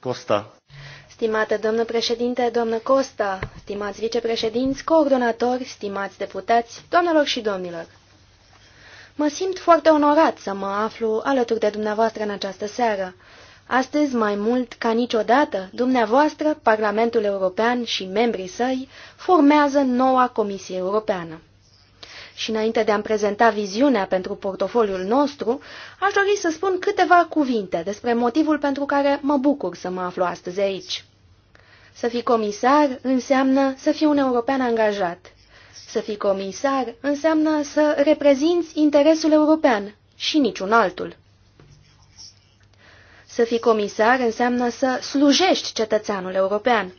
Costa. Stimate domnă președinte, doamnă Costa, stimați vicepreședinți, coordonatori, stimați deputați, doamnelor și domnilor. Mă simt foarte onorat să mă aflu alături de dumneavoastră în această seară. Astăzi, mai mult ca niciodată, dumneavoastră, Parlamentul European și membrii săi formează noua Comisie Europeană și înainte de a-mi prezenta viziunea pentru portofoliul nostru, aș dori să spun câteva cuvinte despre motivul pentru care mă bucur să mă aflu astăzi aici. Să fii comisar înseamnă să fii un european angajat. Să fii comisar înseamnă să reprezinți interesul european și niciun altul. Să fii comisar înseamnă să slujești cetățeanul european.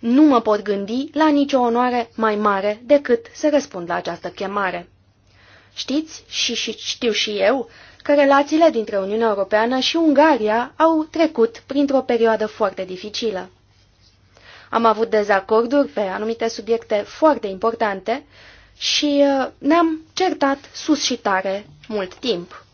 Nu mă pot gândi la nicio onoare mai mare decât să răspund la această chemare. Știți, și, și știu și eu, că relațiile dintre Uniunea Europeană și Ungaria au trecut printr-o perioadă foarte dificilă. Am avut dezacorduri pe anumite subiecte foarte importante și uh, ne-am certat sus și tare mult timp.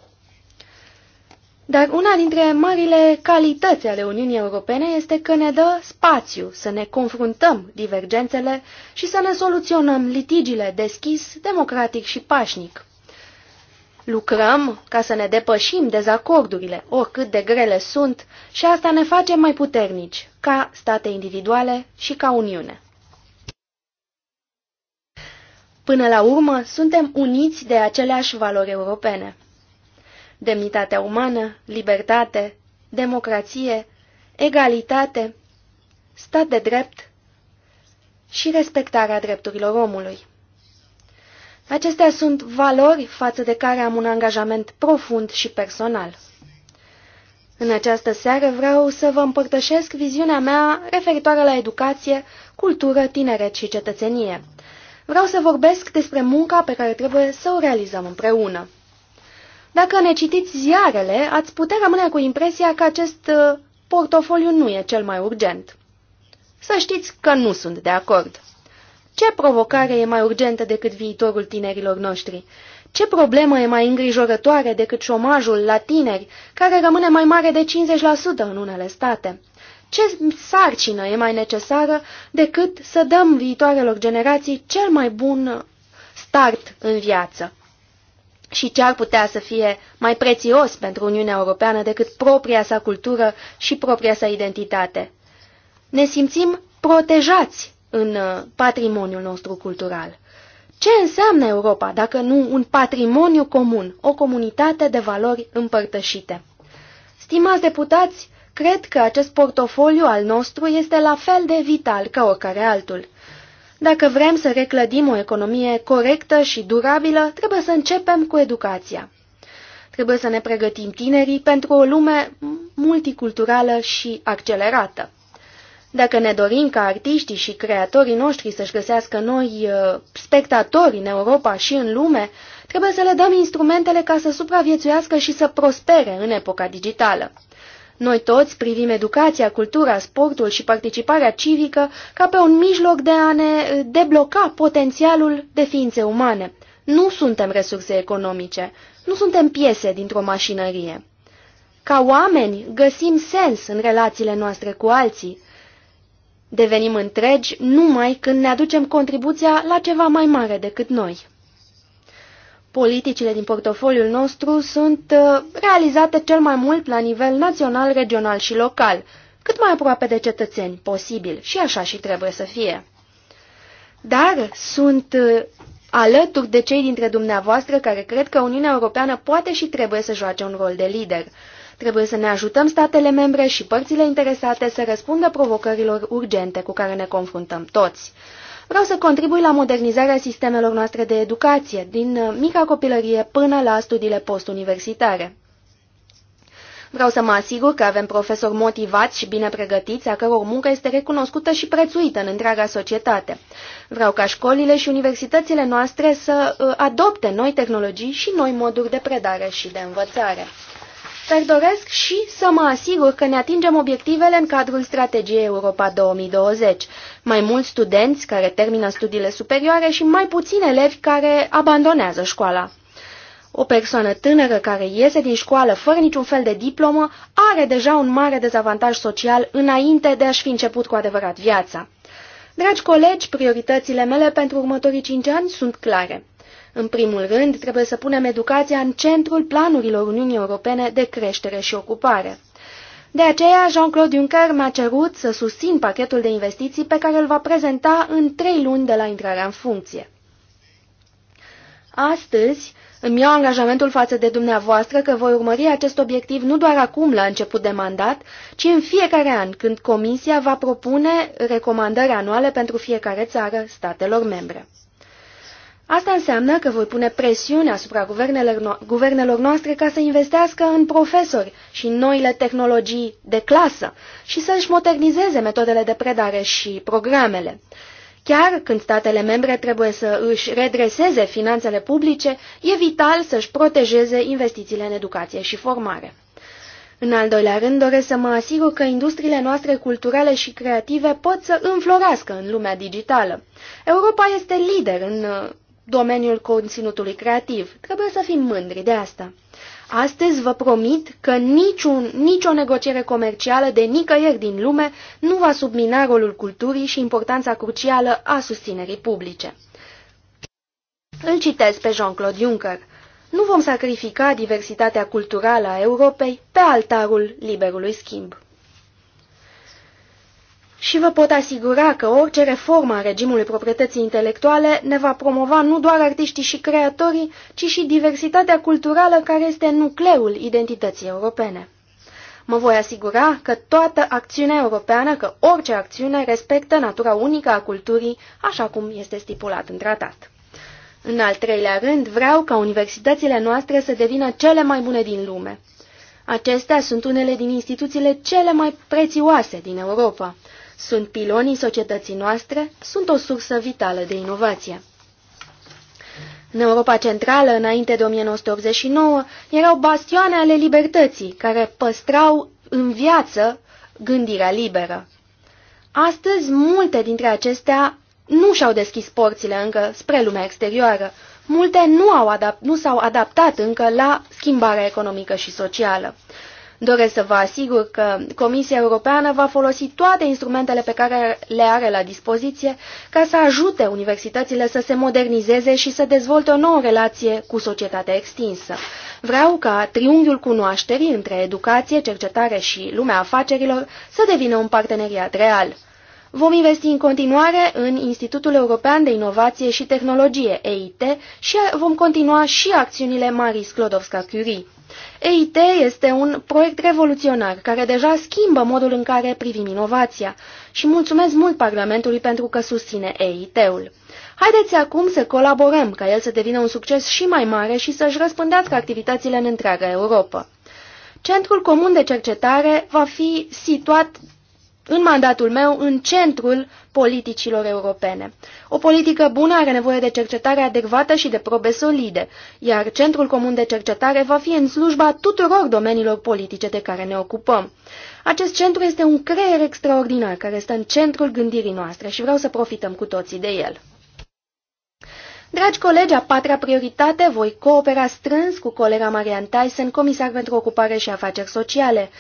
Dar una dintre marile calități ale Uniunii Europene este că ne dă spațiu să ne confruntăm divergențele și să ne soluționăm litigiile deschis, democratic și pașnic. Lucrăm ca să ne depășim dezacordurile, oricât de grele sunt, și asta ne face mai puternici, ca state individuale și ca Uniune. Până la urmă, suntem uniți de aceleași valori europene demnitatea umană, libertate, democrație, egalitate, stat de drept și respectarea drepturilor omului. Acestea sunt valori față de care am un angajament profund și personal. În această seară vreau să vă împărtășesc viziunea mea referitoare la educație, cultură, tineret și cetățenie. Vreau să vorbesc despre munca pe care trebuie să o realizăm împreună. Dacă ne citiți ziarele, ați putea rămâne cu impresia că acest uh, portofoliu nu e cel mai urgent. Să știți că nu sunt de acord. Ce provocare e mai urgentă decât viitorul tinerilor noștri? Ce problemă e mai îngrijorătoare decât șomajul la tineri, care rămâne mai mare de 50% în unele state? Ce sarcină e mai necesară decât să dăm viitoarelor generații cel mai bun start în viață? și ce ar putea să fie mai prețios pentru Uniunea Europeană decât propria sa cultură și propria sa identitate. Ne simțim protejați în uh, patrimoniul nostru cultural. Ce înseamnă Europa dacă nu un patrimoniu comun, o comunitate de valori împărtășite? Stimați deputați, cred că acest portofoliu al nostru este la fel de vital ca oricare altul. Dacă vrem să reclădim o economie corectă și durabilă, trebuie să începem cu educația. Trebuie să ne pregătim tinerii pentru o lume multiculturală și accelerată. Dacă ne dorim ca artiștii și creatorii noștri să-și găsească noi uh, spectatori în Europa și în lume, trebuie să le dăm instrumentele ca să supraviețuiască și să prospere în epoca digitală. Noi toți privim educația, cultura, sportul și participarea civică ca pe un mijloc de a ne eh, debloca potențialul de ființe umane. Nu suntem resurse economice, nu suntem piese dintr-o mașinărie. Ca oameni găsim sens în relațiile noastre cu alții. Devenim întregi numai când ne aducem contribuția la ceva mai mare decât noi. Politicile din portofoliul nostru sunt uh, realizate cel mai mult la nivel național, regional și local, cât mai aproape de cetățeni posibil și așa și trebuie să fie. Dar sunt uh, alături de cei dintre dumneavoastră care cred că Uniunea Europeană poate și trebuie să joace un rol de lider. Trebuie să ne ajutăm statele membre și părțile interesate să răspundă provocărilor urgente cu care ne confruntăm toți. Vreau să contribui la modernizarea sistemelor noastre de educație, din uh, mica copilărie până la studiile postuniversitare. Vreau să mă asigur că avem profesori motivați și bine pregătiți, a căror muncă este recunoscută și prețuită în întreaga societate. Vreau ca școlile și universitățile noastre să uh, adopte noi tehnologii și noi moduri de predare și de învățare dar doresc și să mă asigur că ne atingem obiectivele în cadrul strategiei Europa 2020. Mai mulți studenți care termină studiile superioare și mai puțini elevi care abandonează școala. O persoană tânără care iese din școală fără niciun fel de diplomă are deja un mare dezavantaj social înainte de a-și fi început cu adevărat viața. Dragi colegi, prioritățile mele pentru următorii cinci ani sunt clare. În primul rând, trebuie să punem educația în centrul planurilor Uniunii Europene de creștere și ocupare. De aceea, Jean-Claude Juncker m-a cerut să susțin pachetul de investiții pe care îl va prezenta în trei luni de la intrarea în funcție. Astăzi, îmi iau angajamentul față de dumneavoastră că voi urmări acest obiectiv nu doar acum, la început de mandat, ci în fiecare an, când Comisia va propune recomandări anuale pentru fiecare țară statelor membre. Asta înseamnă că voi pune presiune asupra guvernelor, no guvernelor noastre ca să investească în profesori și în noile tehnologii de clasă și să și modernizeze metodele de predare și programele. Chiar când statele membre trebuie să își redreseze finanțele publice, e vital să-și protejeze investițiile în educație și formare. În al doilea rând, doresc să mă asigur că industriile noastre culturale și creative pot să înflorească în lumea digitală. Europa este lider în domeniul conținutului creativ. Trebuie să fim mândri de asta. Astăzi vă promit că niciun, nicio negociere comercială de nicăieri din lume nu va submina rolul culturii și importanța crucială a susținerii publice. Îl citesc pe Jean-Claude Juncker. Nu vom sacrifica diversitatea culturală a Europei pe altarul liberului schimb și vă pot asigura că orice reformă a regimului proprietății intelectuale ne va promova nu doar artiștii și creatorii, ci și diversitatea culturală care este nucleul identității europene. Mă voi asigura că toată acțiunea europeană, că orice acțiune respectă natura unică a culturii, așa cum este stipulat în tratat. În al treilea rând, vreau ca universitățile noastre să devină cele mai bune din lume. Acestea sunt unele din instituțiile cele mai prețioase din Europa sunt pilonii societății noastre, sunt o sursă vitală de inovație. În Europa Centrală, înainte de 1989, erau bastioane ale libertății, care păstrau în viață gândirea liberă. Astăzi, multe dintre acestea nu și-au deschis porțile încă spre lumea exterioară. Multe nu s-au adap adaptat încă la schimbarea economică și socială. Doresc să vă asigur că Comisia Europeană va folosi toate instrumentele pe care le are la dispoziție ca să ajute universitățile să se modernizeze și să dezvolte o nouă relație cu societatea extinsă. Vreau ca triunghiul cunoașterii între educație, cercetare și lumea afacerilor să devină un parteneriat real. Vom investi în continuare în Institutul European de Inovație și Tehnologie, EIT, și vom continua și acțiunile Marie Sklodowska-Curie. EIT este un proiect revoluționar care deja schimbă modul în care privim inovația și mulțumesc mult Parlamentului pentru că susține EIT-ul. Haideți acum să colaborăm ca el să devină un succes și mai mare și să-și răspândească activitățile în întreaga Europa. Centrul Comun de Cercetare va fi situat în mandatul meu, în centrul politicilor europene. O politică bună are nevoie de cercetare adecvată și de probe solide, iar Centrul Comun de Cercetare va fi în slujba tuturor domeniilor politice de care ne ocupăm. Acest centru este un creier extraordinar care stă în centrul gândirii noastre și vreau să profităm cu toții de el. Dragi colegi, a patra prioritate, voi coopera strâns cu colega Marian Tyson, comisar pentru ocupare și afaceri sociale,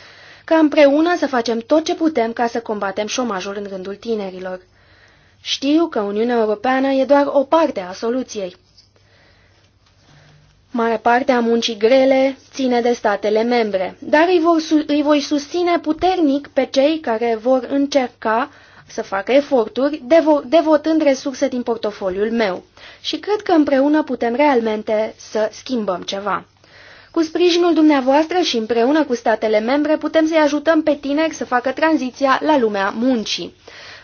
ca împreună să facem tot ce putem ca să combatem șomajul în rândul tinerilor. Știu că Uniunea Europeană e doar o parte a soluției. Mare parte a muncii grele ține de statele membre, dar îi, vor, îi voi susține puternic pe cei care vor încerca să facă eforturi, devo devotând resurse din portofoliul meu. Și cred că împreună putem realmente să schimbăm ceva. Cu sprijinul dumneavoastră și împreună cu statele membre putem să-i ajutăm pe tineri să facă tranziția la lumea muncii.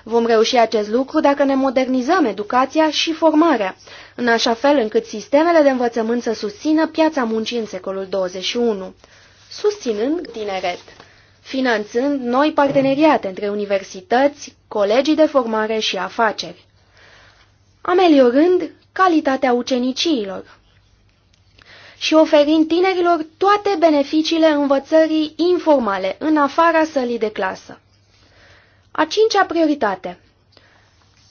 Vom reuși acest lucru dacă ne modernizăm educația și formarea, în așa fel încât sistemele de învățământ să susțină piața muncii în secolul 21, susținând tineret, finanțând noi parteneriate între universități, colegii de formare și afaceri, ameliorând calitatea uceniciilor și oferind tinerilor toate beneficiile învățării informale, în afara sălii de clasă. A cincea prioritate.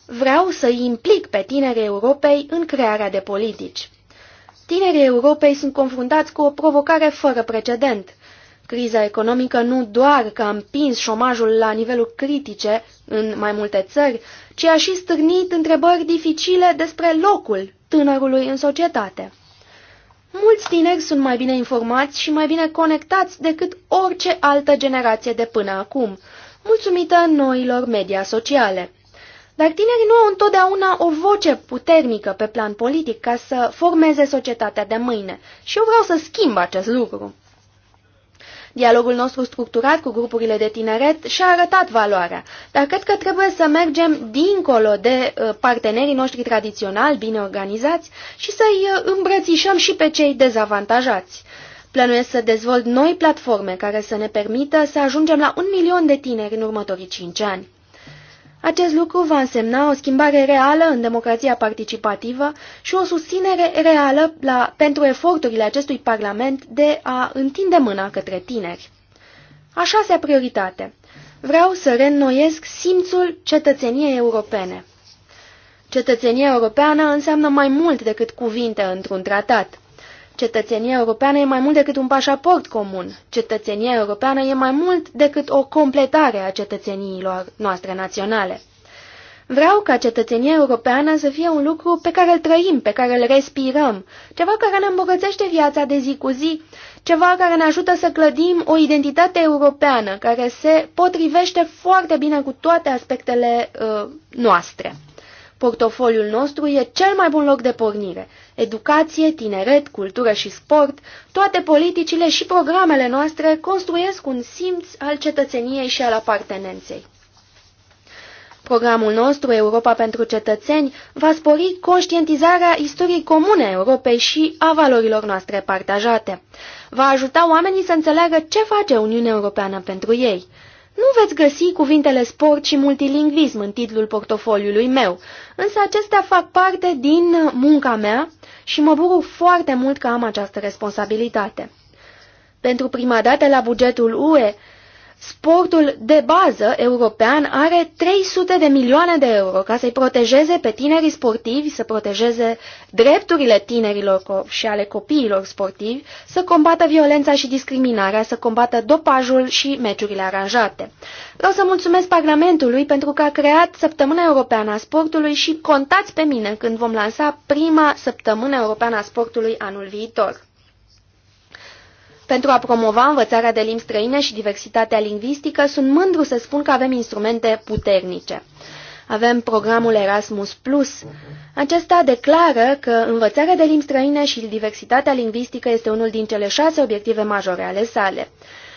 Vreau să-i implic pe tinerii Europei în crearea de politici. Tinerii Europei sunt confruntați cu o provocare fără precedent. Criza economică nu doar că a împins șomajul la niveluri critice în mai multe țări, ci a și stârnit întrebări dificile despre locul tânărului în societate. Mulți tineri sunt mai bine informați și mai bine conectați decât orice altă generație de până acum, mulțumită noilor media sociale. Dar tinerii nu au întotdeauna o voce puternică pe plan politic ca să formeze societatea de mâine și eu vreau să schimb acest lucru. Dialogul nostru structurat cu grupurile de tineret și-a arătat valoarea, dar cred că trebuie să mergem dincolo de uh, partenerii noștri tradiționali bine organizați și să-i uh, îmbrățișăm și pe cei dezavantajați. Plănuiesc să dezvolt noi platforme care să ne permită să ajungem la un milion de tineri în următorii cinci ani. Acest lucru va însemna o schimbare reală în democrația participativă și o susținere reală la, pentru eforturile acestui Parlament de a întinde mâna către tineri. A șasea prioritate. Vreau să reînnoiesc simțul cetățeniei europene. Cetățenia europeană înseamnă mai mult decât cuvinte într-un tratat. Cetățenia europeană e mai mult decât un pașaport comun. Cetățenia europeană e mai mult decât o completare a cetățeniilor noastre naționale. Vreau ca cetățenia europeană să fie un lucru pe care îl trăim, pe care îl respirăm, ceva care ne îmbogățește viața de zi cu zi, ceva care ne ajută să clădim o identitate europeană care se potrivește foarte bine cu toate aspectele uh, noastre. Portofoliul nostru e cel mai bun loc de pornire. Educație, tineret, cultură și sport, toate politicile și programele noastre construiesc un simț al cetățeniei și al apartenenței. Programul nostru, Europa pentru cetățeni, va spori conștientizarea istoriei comune a Europei și a valorilor noastre partajate. Va ajuta oamenii să înțeleagă ce face Uniunea Europeană pentru ei – nu veți găsi cuvintele sport și multilingvism în titlul portofoliului meu, însă acestea fac parte din munca mea și mă bucur foarte mult că am această responsabilitate. Pentru prima dată la bugetul UE Sportul de bază european are 300 de milioane de euro ca să-i protejeze pe tinerii sportivi, să protejeze drepturile tinerilor și ale copiilor sportivi, să combată violența și discriminarea, să combată dopajul și meciurile aranjate. Vreau să mulțumesc Parlamentului pentru că a creat Săptămâna Europeană a Sportului și contați pe mine când vom lansa prima Săptămână Europeană a Sportului anul viitor. Pentru a promova învățarea de limbi străine și diversitatea lingvistică, sunt mândru să spun că avem instrumente puternice. Avem programul Erasmus+. Acesta declară că învățarea de limbi străine și diversitatea lingvistică este unul din cele șase obiective majore ale sale.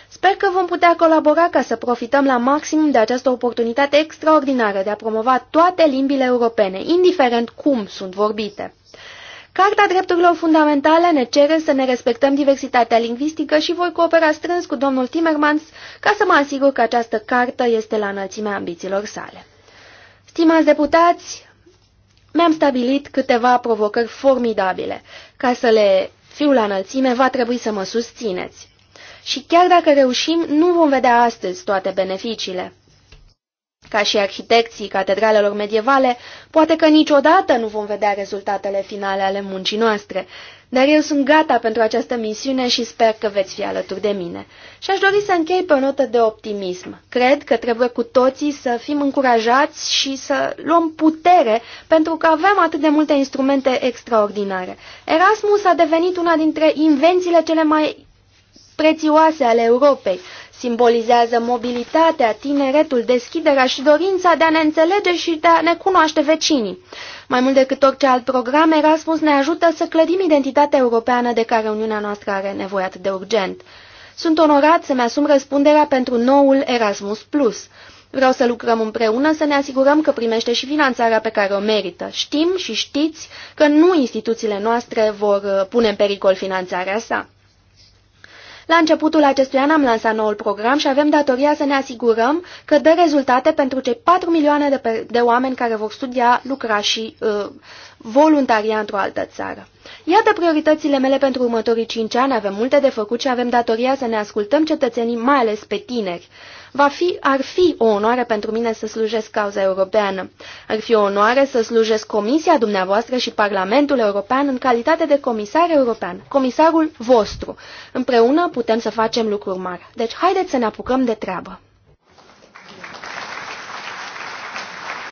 Sper că vom putea colabora ca să profităm la maximum de această oportunitate extraordinară de a promova toate limbile europene, indiferent cum sunt vorbite. Carta Drepturilor Fundamentale ne cere să ne respectăm diversitatea lingvistică și voi coopera strâns cu domnul Timmermans ca să mă asigur că această cartă este la înălțimea ambițiilor sale. Stimați deputați, mi-am stabilit câteva provocări formidabile. Ca să le fiu la înălțime, va trebui să mă susțineți. Și chiar dacă reușim, nu vom vedea astăzi toate beneficiile ca și arhitecții catedralelor medievale, poate că niciodată nu vom vedea rezultatele finale ale muncii noastre, dar eu sunt gata pentru această misiune și sper că veți fi alături de mine. Și aș dori să închei pe o notă de optimism. Cred că trebuie cu toții să fim încurajați și să luăm putere, pentru că avem atât de multe instrumente extraordinare. Erasmus a devenit una dintre invențiile cele mai prețioase ale Europei. Simbolizează mobilitatea, tineretul, deschiderea și dorința de a ne înțelege și de a ne cunoaște vecinii. Mai mult decât orice alt program, Erasmus ne ajută să clădim identitatea europeană de care Uniunea noastră are nevoie atât de urgent. Sunt onorat să-mi asum răspunderea pentru noul Erasmus+. Plus. Vreau să lucrăm împreună să ne asigurăm că primește și finanțarea pe care o merită. Știm și știți că nu instituțiile noastre vor uh, pune în pericol finanțarea sa. La începutul acestui an am lansat noul program și avem datoria să ne asigurăm că dă rezultate pentru cei 4 milioane de, de oameni care vor studia, lucra și uh, voluntaria într-o altă țară. Iată prioritățile mele pentru următorii 5 ani, avem multe de făcut și avem datoria să ne ascultăm cetățenii, mai ales pe tineri. Va fi, ar fi o onoare pentru mine să slujesc cauza europeană. Ar fi o onoare să slujesc Comisia dumneavoastră și Parlamentul European în calitate de comisar european, comisarul vostru. Împreună putem să facem lucruri mari. Deci haideți să ne apucăm de treabă.